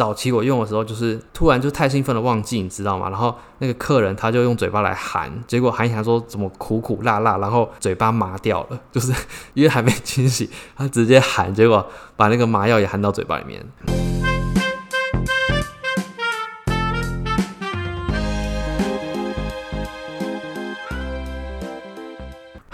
早期我用的時候，就是突然就太興奮了，忘記你知道嗎？然後那個客人他就用嘴巴來含，結果含一下說怎麼苦苦辣辣，然後嘴巴麻掉了，就是因為還沒清洗，他直接含，結果把那個麻藥也含到嘴巴裡面。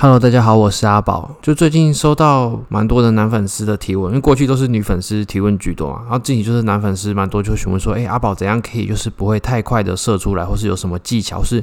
Hello，大家好，我是阿寶。就最近收到蠻多的男粉絲的提問，因為過去都是女粉絲提問居多嘛，然後近期就是男粉絲蠻多就詢問說，欸，阿寶怎樣可以就是不會太快的射出來，或是有什麼技巧，是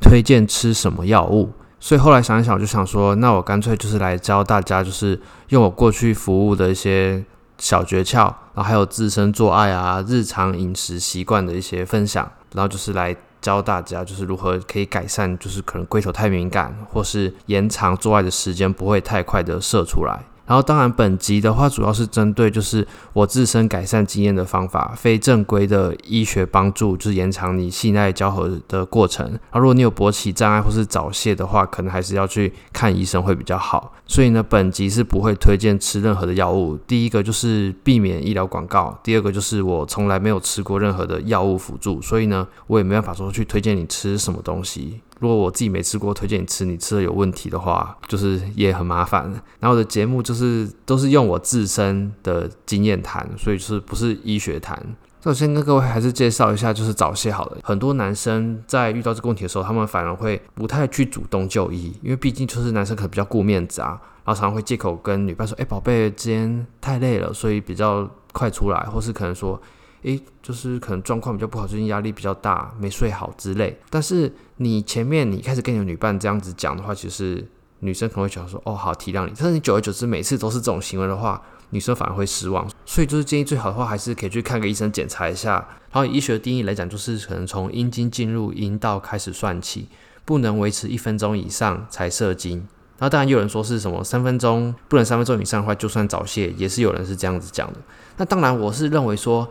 推薦吃什麼藥物？所以後來想一想，我就想說，那我乾脆就是來教大家，就是用我過去服務的一些小訣竅，然後還有自身做愛啊、日常飲食習慣的一些分享，然後就是來。教大家就是如何可以改善，就是可能龜頭太敏感，或是延長做愛的時間，不會太快的射出來。然後，當然，本集的話主要是針對就是我自身改善經驗的方法，非正規的醫學幫助就是延長你性愛交合的過程。然後，如果你有勃起障礙或是早洩的話，可能還是要去看醫生會比較好。所以呢，本集是不會推薦吃任何的藥物。第一個就是避免醫療廣告，第二個就是我從來沒有吃過任何的藥物輔助，所以呢，我也沒辦法說去推薦你吃什麼東西。如果我自己沒吃過，推薦你吃。你吃了有問題的話，就是也很麻煩。然後我的節目就是都是用我自身的經驗談，所以就是不是醫學談。那我先跟各位還是介紹一下，就是早洩好了。很多男生在遇到這個問題的時候，他們反而會不太去主動就醫，因為畢竟就是男生可能比較顧面子啊，然後常常會借口跟女伴說：“哎、欸，寶貝，今天太累了，所以比較快出來。”或是可能說。誒，就是可能狀況比較不好，最近壓力比較大，沒睡好之類。但是你前面你開始跟你的女伴這樣子講的話，其實女生可能會覺得說：“哦，好，體諒你。”但是你久而久之每次都是這種行為的話，女生反而會失望。所以就是建議最好的話，還是可以去看個醫生檢查一下。然後以醫學的定義來講，就是可能從陰莖進入陰道開始算起，不能維持一分鐘以上才射精。那當然也有人說是什麼三分鐘不能三分鐘以上的話就算早洩，也是有人是這樣子講的。那當然我是認為說。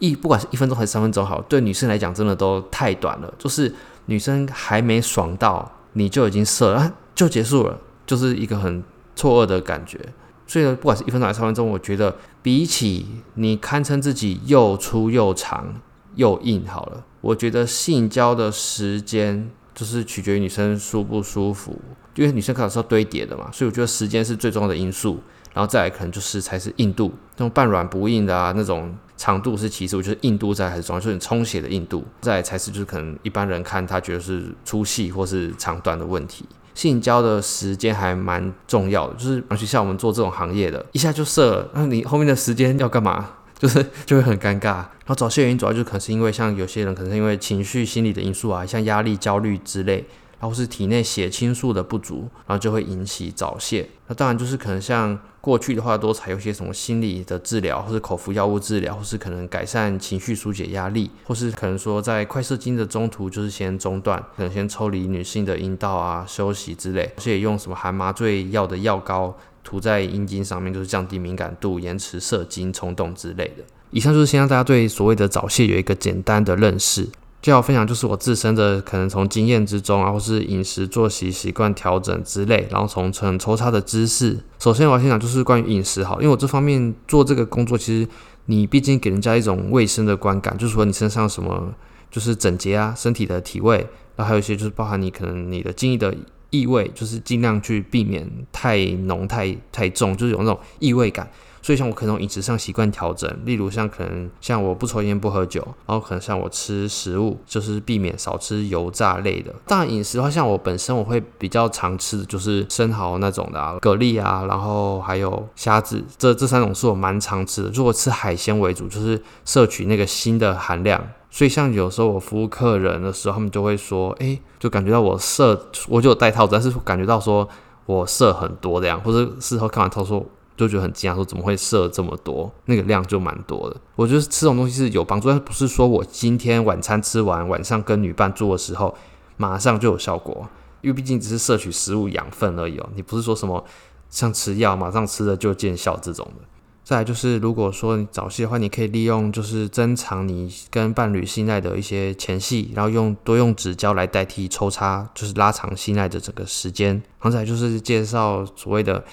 一不管是一分鐘還是三分鐘，好，對女生來講真的都太短了。就是女生還沒爽到，你就已經射了，啊，就結束了，就是一個很錯愕的感覺。所以不管是一分鐘還是三分鐘，我覺得比起你堪稱自己又粗又長又硬好了，我覺得性交的時間就是取決於女生舒不舒服，因為女生可能是要堆疊的嘛，所以我覺得時間是最重要的因素。然後再來可能就是才是硬度，那種半軟不硬的啊，那種長度是其次，我覺得硬度在還是重要，就是你充血的硬度。再來才是就是可能一般人看他覺得是粗細或是長短的問題。性交的時間還蠻重要的，就是而且像我們做這種行業的，一下就射了，那、啊、你後面的時間要幹嘛？就是就會很尷尬。然後找些原因，主要就是可能是因為像有些人可能是因為情緒心理的因素啊，像壓力、焦慮之類。然後是體內血清素的不足，然後就會引起早洩。那當然就是可能像過去的話，多採用些什麼心理的治療，或是口服藥物治療，或是可能改善情緒、疏解壓力，或是可能說在快射精的中途就是先中斷，可能先抽離女性的陰道啊、休息之類，而且用什麼含麻醉藥的藥膏塗在陰莖上面，就是降低敏感度、延遲射精衝動之類的。以上就是先讓大家對所謂的早洩有一個簡單的認識。最好分享就是我自身的可能從經驗之中啊，或是飲食作息習慣調整之類，然後從成抽插的知識。首先，我要先講就是關於飲食好，因為我這方面做這個工作，其實你畢竟給人家一種衛生的觀感，就是說你身上什麼就是整潔啊、身體的體味，然後還有一些就是包含你可能你的精液的異味，就是盡量去避免太濃、太太重，就是有那種異味感。所以像我可能飲食上習慣調整，例如像可能像我不抽煙不喝酒，然後可能像我吃食物就是避免少吃油炸類的。當然飲食的話，像我本身我會比較常吃的就是生蠔那種的、啊、蛤蜊啊，然後還有蝦子，這這三種是我蠻常吃的。如果吃海鮮為主，就是攝取那個鋅的含量。所以像有時候我服務客人的時候，他們就會說：“哎、欸，就感覺到我射，我就有戴套子，但是感覺到說我射很多這樣。”或者事後看完套說，就覺得很驚訝，說怎麼會射這麼多？那個量就蠻多的。我覺得吃這種東西是有幫助，但不是說我今天晚餐吃完，晚上跟女伴做的時候馬上就有效果，因為畢竟只是攝取食物養分而已哦、喔。你不是說什麼像吃藥，馬上吃了就見效這種的。再來就是，如果說你早洩的話，你可以利用就是增長你跟伴侶性愛的一些前戲，然後用多用指交來代替抽插，就是拉長性愛的整個時間。然後再來就是介紹所謂的。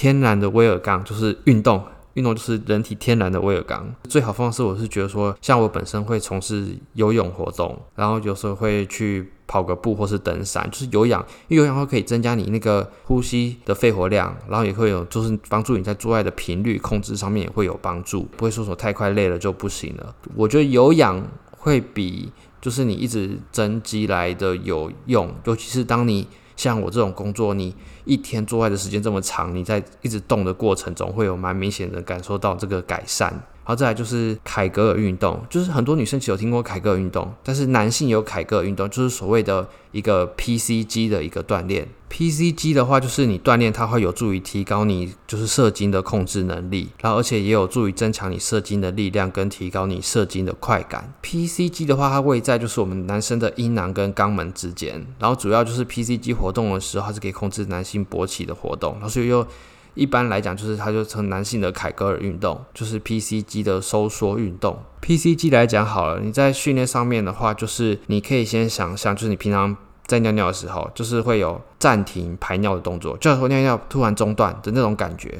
天然的威而鋼就是運動，運動就是人體天然的威而鋼。最好方式，我是覺得說，像我本身會從事游泳活動，然後有時候會去跑個步或是登山，就是有氧，因為有氧會可以增加你那個呼吸的肺活量，然後也會有就是幫助你在做愛的頻率控制上面也會有幫助，不會說說太快累了就不行了。我覺得有氧會比就是你一直增肌來的有用，尤其是當你。像我這種工作，你一天做愛的時間這麼長，你在一直動的過程中，會有蠻明顯的感受到這個改善。然後再來就是凱格爾運動，就是很多女生其實有聽過凱格爾運動，但是男性有凱格爾運動，就是所謂的一個 PC 肌的一個鍛煉。PC 肌的話，就是你鍛煉它會有助於提高你就是射精的控制能力，然後而且也有助於增強你射精的力量跟提高你射精的快感。PC 肌的話，它位在就是我們男生的陰囊跟肛門之間，然後主要就是 PC 肌活動的時候，它是可以控制男性勃起的活動，然後所以又。一般來講，就是它就稱男性的凱格爾運動，就是 PC 肌的收縮運動。PC 肌來講好了，你在訓練上面的話，就是你可以先想像，就是你平常在尿尿的時候，就是會有暫停排尿的動作，就是尿尿突然中斷的那種感覺，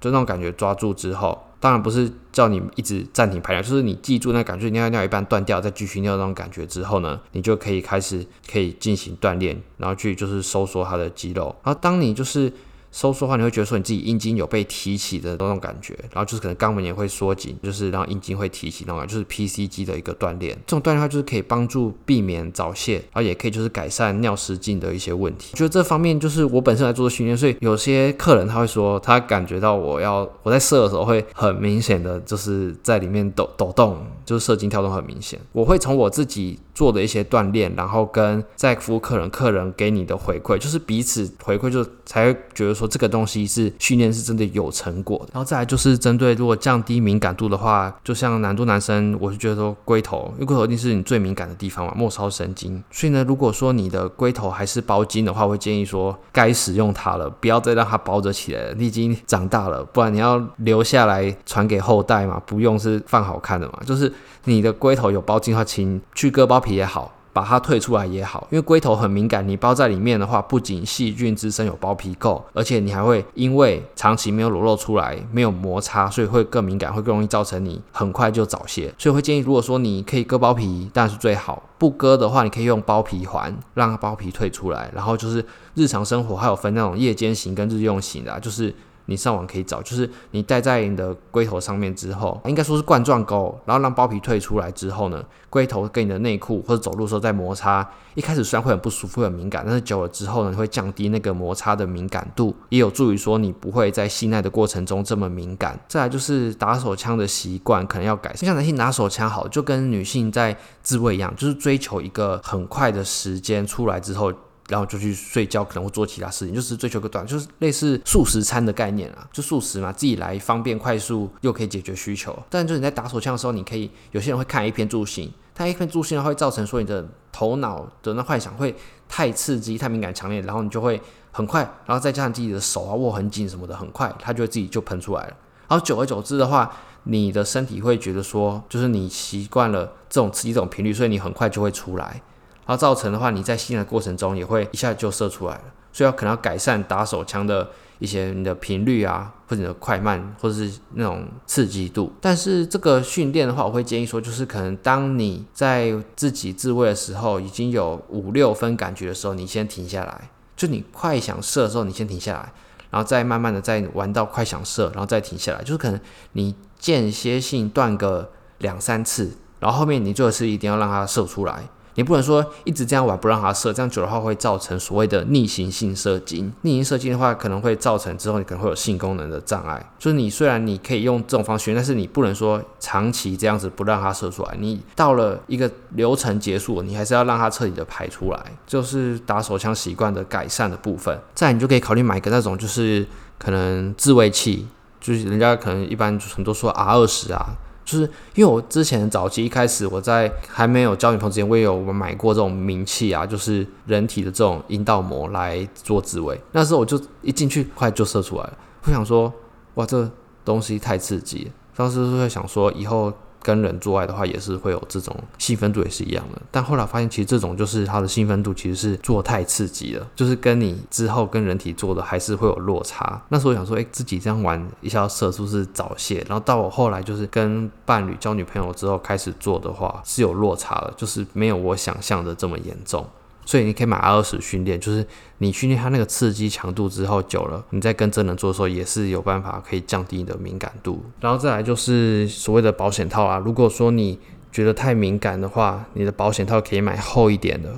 就那種感覺抓住之後，當然不是叫你一直暫停排尿，就是你記住那感覺，尿尿一半斷掉再繼續尿那種感覺之後呢，你就可以開始可以進行鍛鍊，然後去就是收縮它的肌肉，然後當你就是。收縮的話，你會覺得說你自己陰莖有被提起的那種感覺，然後就是可能肛門也會縮緊，就是然後陰莖會提起那種感覺，就是 PC 肌的一個鍛鍊。這種鍛鍊的話，就是可以幫助避免早洩，然後也可以就是改善尿失禁的一些問題。覺得這方面就是我本身來做的訓練，所以有些客人他會說，他感覺到我要我在射的時候會很明顯的就是在裡面抖抖動，就是射精跳動很明顯。我會從我自己做的一些鍛鍊，然後跟在服務客人，客人給你的回饋，就是彼此回饋，就才會覺得說。這個東西是訓練是真的有成果的，然後再來就是針對如果降低敏感度的話，就像難度男生，我是覺得說龜頭，因為龜頭一定是你最敏感的地方嘛，末梢神經。所以呢，如果說你的龜頭還是包莖的話，我會建議說該使用它了，不要再讓它包着起來了。你已經長大了，不然你要留下來傳給後代嘛，不用是放好看的嘛。就是你的龜頭有包莖的話，請去割包皮也好。把它退出來也好，因為龜頭很敏感，你包在裡面的話，不僅細菌滋生有包皮垢，而且你還會因為長期沒有裸露出來，沒有摩擦，所以會更敏感，會更容易造成你很快就早洩。所以會建議，如果說你可以割包皮，當然是最好，不割的話，你可以用包皮環讓包皮退出來。然後就是日常生活，還有分那種夜間型跟日用型的啊，就是。你上網可以找，就是你戴在你的龜頭上面之後，應該說是冠狀溝，然後讓包皮退出來之後呢，龜頭跟你的內褲或者走路的時候在摩擦，一開始雖然會很不舒服、很敏感，但是久了之後呢，會降低那個摩擦的敏感度，也有助於說你不會在性愛的過程中這麼敏感。再來就是打手槍的習慣可能要改善，你像男性拿手槍好，就跟女性在自慰一樣，就是追求一個很快的時間出來之後。然後就去睡覺，可能會做其他事情，就是追求個短，就是類似速食餐的概念啊，就速食嘛，自己來方便快速又可以解決需求。但就是你在打手槍的時候，你可以有些人會看 A 片助興，他 A 片助興呢，會造成說你的頭腦的那幻想會太刺激、太敏感、強烈，然後你就會很快，然後再加上自己的手啊握很緊什麼的，很快它就會自己就噴出來了。然後久而久之的話，你的身體會覺得說，就是你習慣了這種刺激、這種頻率，所以你很快就會出來。然後造成的話，你在訓練的過程中也會一下就射出來了，所以要可能要改善打手槍的一些你的頻率啊，或者你的快慢，或者是那種刺激度。但是這個訓練的話，我會建議說，就是可能當你在自己自慰的時候，已經有五六分感覺的時候，你先停下來，就你快想射的時候，你先停下來，然後再慢慢的再玩到快想射，然後再停下來，就是可能你間歇性斷個兩三次，然後後面你做的事一定要讓它射出來。你不能說一直這樣玩，不讓他射，這樣久的話會造成所謂的逆行性射精。逆行射精的話，可能會造成之後你可能會有性功能的障礙。就是你雖然你可以用這種方式，但是你不能說長期這樣子不讓它射出來。你到了一個流程結束，你還是要讓它徹底的排出來，就是打手槍習慣的改善的部分。再你就可以考慮買一個那種就是可能自慰器，就是人家可能一般很多說 R 十啊。就是因為我之前早期一開始我在還沒有交女朋友之前，我也有買過這種名器啊，就是人體的這種陰道膜來做自慰。那時候我就一進去，快就射出來了。我想說，哇，這個東西太刺激。當時會想說，以後。跟人做愛的話，也是會有這種興奮度，也是一樣的。但後來發現，其實這種就是它的興奮度其實是做太刺激了，就是跟你之後跟人體做的還是會有落差。那時候想說，哎、欸，自己這樣玩一下射出是早洩。然後到我後來就是跟伴侶交女朋友之後開始做的話，是有落差的，就是沒有我想象的這麼嚴重，所以你可以買二十訓練，就是你訓練它那個刺激強度之後久了，你再跟真人做的時候也是有辦法可以降低你的敏感度。然後再來就是所謂的保險套啊，如果說你覺得太敏感的話，你的保險套可以買厚一點的，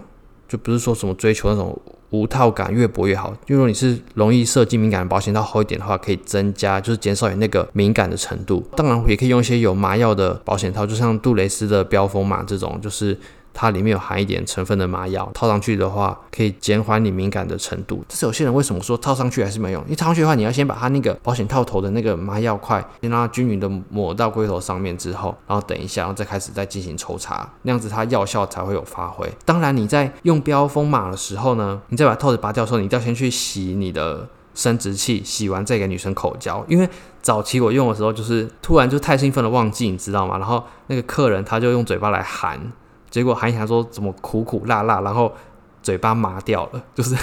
就不是說什麼追求那種無套感越薄越好。因為如果你是容易射精敏感的，保險套厚一點的話可以增加，就是減少你那個敏感的程度。當然也可以用一些有麻藥的保險套，就像杜蕾斯的飆風碼嘛，這種就是。它裡面有含一點成分的麻藥，套上去的話可以減緩你敏感的程度。但是有些人為什麼說套上去還是沒用？因為套上去的話，你要先把它那個保險套頭的那個麻藥塊先讓它均勻的抹到龜頭上面之後，然後等一下，然後再開始再進行抽查，那樣子它藥效才會有發揮。當然你在用標封碼的時候呢，你再把套子拔掉的時候，你一定要先去洗你的生殖器，洗完再給女生口交。因為早期我用的時候就是突然就太興奮了忘記，你知道嗎？然後那個客人他就用嘴巴來含。結果含一下說怎麼苦苦辣辣，然後嘴巴麻掉了，就是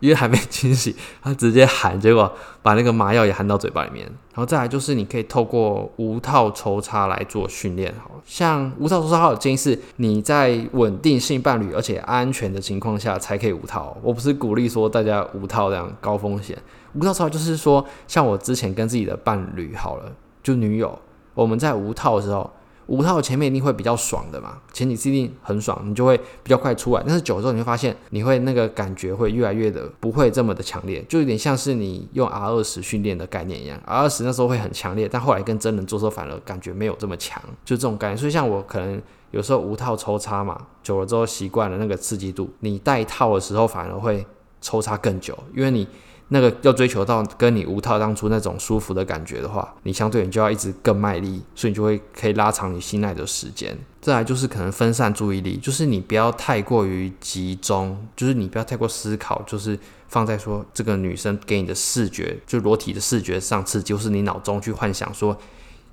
因為還沒清洗，他直接含，結果把那個麻藥也含到嘴巴裡面。然後再來就是你可以透過無套抽插來做訓練好了，像無套抽插，我的建議是你在穩定性伴侶而且安全的情況下才可以無套。我不是鼓勵說大家無套這樣高風險，無套抽插就是說像我之前跟自己的伴侶好了，就女友，我們在無套的時候。無套前面一定會比較爽的嘛，前幾次一定很爽，你就會比較快出來。但是久了之後，你會發現你會那個感覺會越來越的不會這麼的強烈，就有點像是你用 R 二十訓練的概念一樣。R 二十那時候會很強烈，但後來跟真人做的時候反而感覺沒有這麼強，就這種感覺。所以像我可能有時候無套抽插嘛，久了之後習慣了那個刺激度，你帶套的時候反而會抽插更久，因為你。那個要追求到跟你無套當初那種舒服的感覺的話，你相對你就要一直更賣力，所以你就會可以拉長你性愛的時間。再來就是可能分散注意力，就是你不要太過於集中，就是你不要太過思考，就是放在說這個女生給你的視覺，就裸體的視覺上，次就是你腦中去幻想說，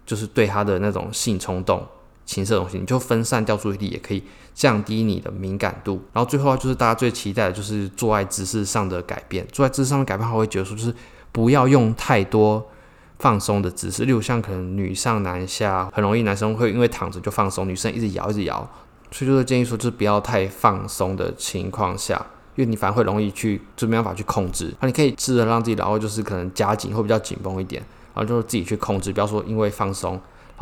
就是對她的那種性衝動。情色的東西，你就分散掉注意力，也可以降低你的敏感度。然後最後就是大家最期待的就是做愛姿勢上的改變。做愛姿勢上的改變，他會覺得說，就是不要用太多放鬆的姿勢，例如像可能女上男下，很容易男生會因為躺着就放鬆，女生一直搖一直搖，所以就是建議說，就是不要太放鬆的情況下，因為你反而會容易去就沒辦法去控制。那你可以試着讓自己，然後就是可能夾緊，會比較緊繃一點，然後就是自己去控制，不要說因為放鬆。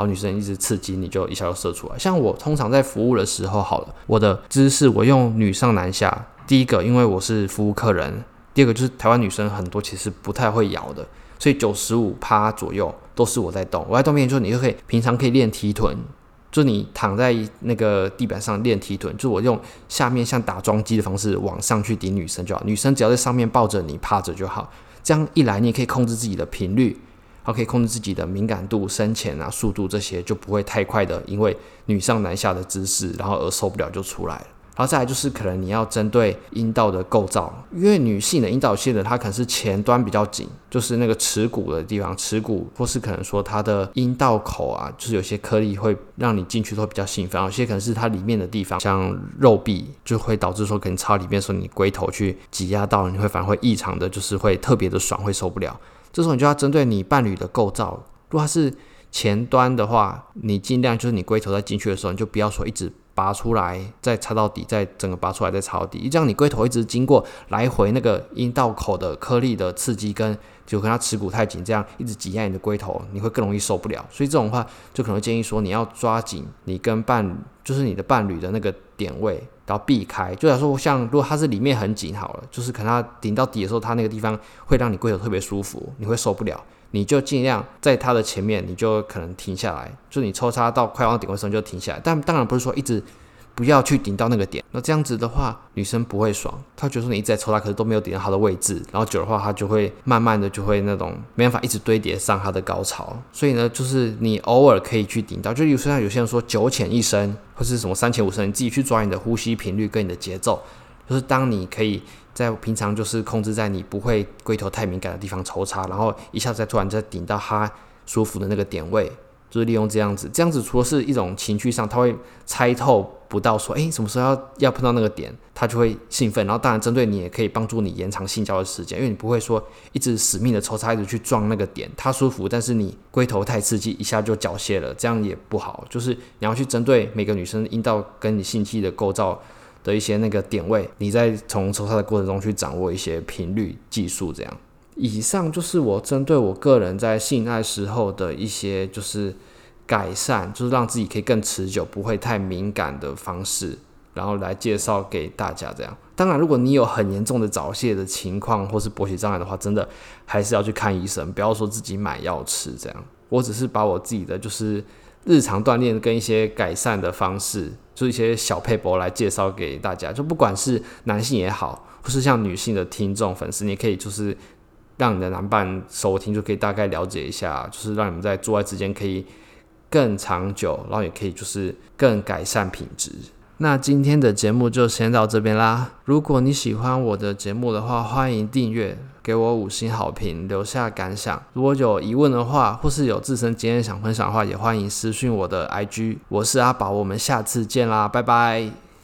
女生一直刺激，你就一下就射出來。像我通常在服務的時候，好了，我的姿勢我用女上男下。第一個，因為我是服務客人；第二個，就是台灣女生很多其實不太會搖的，所以九十五趴左右都是我在動。我在動面就你就可以平常可以練提臀，就你躺在那個地板上練提臀。就我用下面像打樁機的方式往上去頂女生就好，女生只要在上面抱着你趴着就好。這樣一來，你也可以控制自己的頻率。然後可以控制自己的敏感度深淺啊、速度這些就不會太快的，因為女上男下的姿勢，然後而受不了就出來了。然後再來就是可能你要針對陰道的構造，因為女性的陰道線呢它可能是前端比較緊，就是那個恥骨的地方、恥骨，或是可能說它的陰道口啊，就是有些顆粒會讓你進去都會比較興奮，有些可能是它裡面的地方像肉壁，就會導致說可能插裡面說你龜頭去擠壓到你會反而會異常的，就是會特別的爽，會受不了。這時候你就要針對你伴侶的構造，如果他是前端的話，你盡量就是你龜頭在進去的時候，你就不要說一直。拔出來，再插到底，再整個拔出來，再插到底。這樣你龜頭一直經過來回那個陰道口的顆粒的刺激跟，跟就跟它恥骨太緊，這樣一直擠壓你的龜頭，你會更容易受不了。所以這種話就可能建議說，你要抓緊你跟伴，就是你的伴侶的那個點位，然後避開。就假如說，像如果它是裡面很緊好了，就是可能它頂到底的時候，它那個地方會讓你龜頭特別舒服，你會受不了。你就盡量在他的前面，你就可能停下來，就是你抽插到快要到頂的時候就停下來。但當然不是說一直不要去頂到那個點，那這樣子的話女生不會爽，她覺得說你一直在抽她，可是都沒有頂到她的位置，然後久的話她就會慢慢的就會那種沒辦法一直堆疊上她的高潮。所以呢，就是你偶爾可以去頂到，就就像有些人說九淺一深，或是什麼三淺五深，你自己去抓你的呼吸頻率跟你的節奏，就是當你可以。在平常就是控制在你不會龜頭太敏感的地方抽插，然後一下子突然間頂到他舒服的那個點位，就是利用這樣子。這樣子除了是一種情緒上，他會猜透不到說，哎、欸，什麼時候要要碰到那個點，他就會興奮。然後當然針對你也可以幫助你延長性交的時間，因為你不會說一直死命的抽插一直去撞那個點，他舒服，但是你龜頭太刺激，一下就繳械了，這樣也不好。就是你要去針對每個女生陰道跟你性器的構造。的一些那個點位，你在從抽插的過程中去掌握一些頻率、技術，這樣。以上就是我針對我個人在性愛時候的一些就是改善，就是讓自己可以更持久，不會太敏感的方式，然後來介紹給大家這樣。當然，如果你有很嚴重的早洩的情況或是勃起障礙的話，真的還是要去看醫生，不要說自己買藥吃這樣。我只是把我自己的就是日常鍛鍊跟一些改善的方式，做一些小撇步來介紹給大家，就不管是男性也好，或是像女性的聽眾粉絲，你可以就是讓你的男伴收聽，就可以大概了解一下，就是讓你們在做愛之間可以更長久，然後也可以就是更改善品質。那今天的節目就先到這邊啦。如果你喜歡我的節目的話，歡迎訂閱，給我五星好評，留下感想。如果有疑問的話，或是有自身經驗想分享的話，也歡迎私訊我的 IG。我是阿寶，我們下次見啦，拜拜。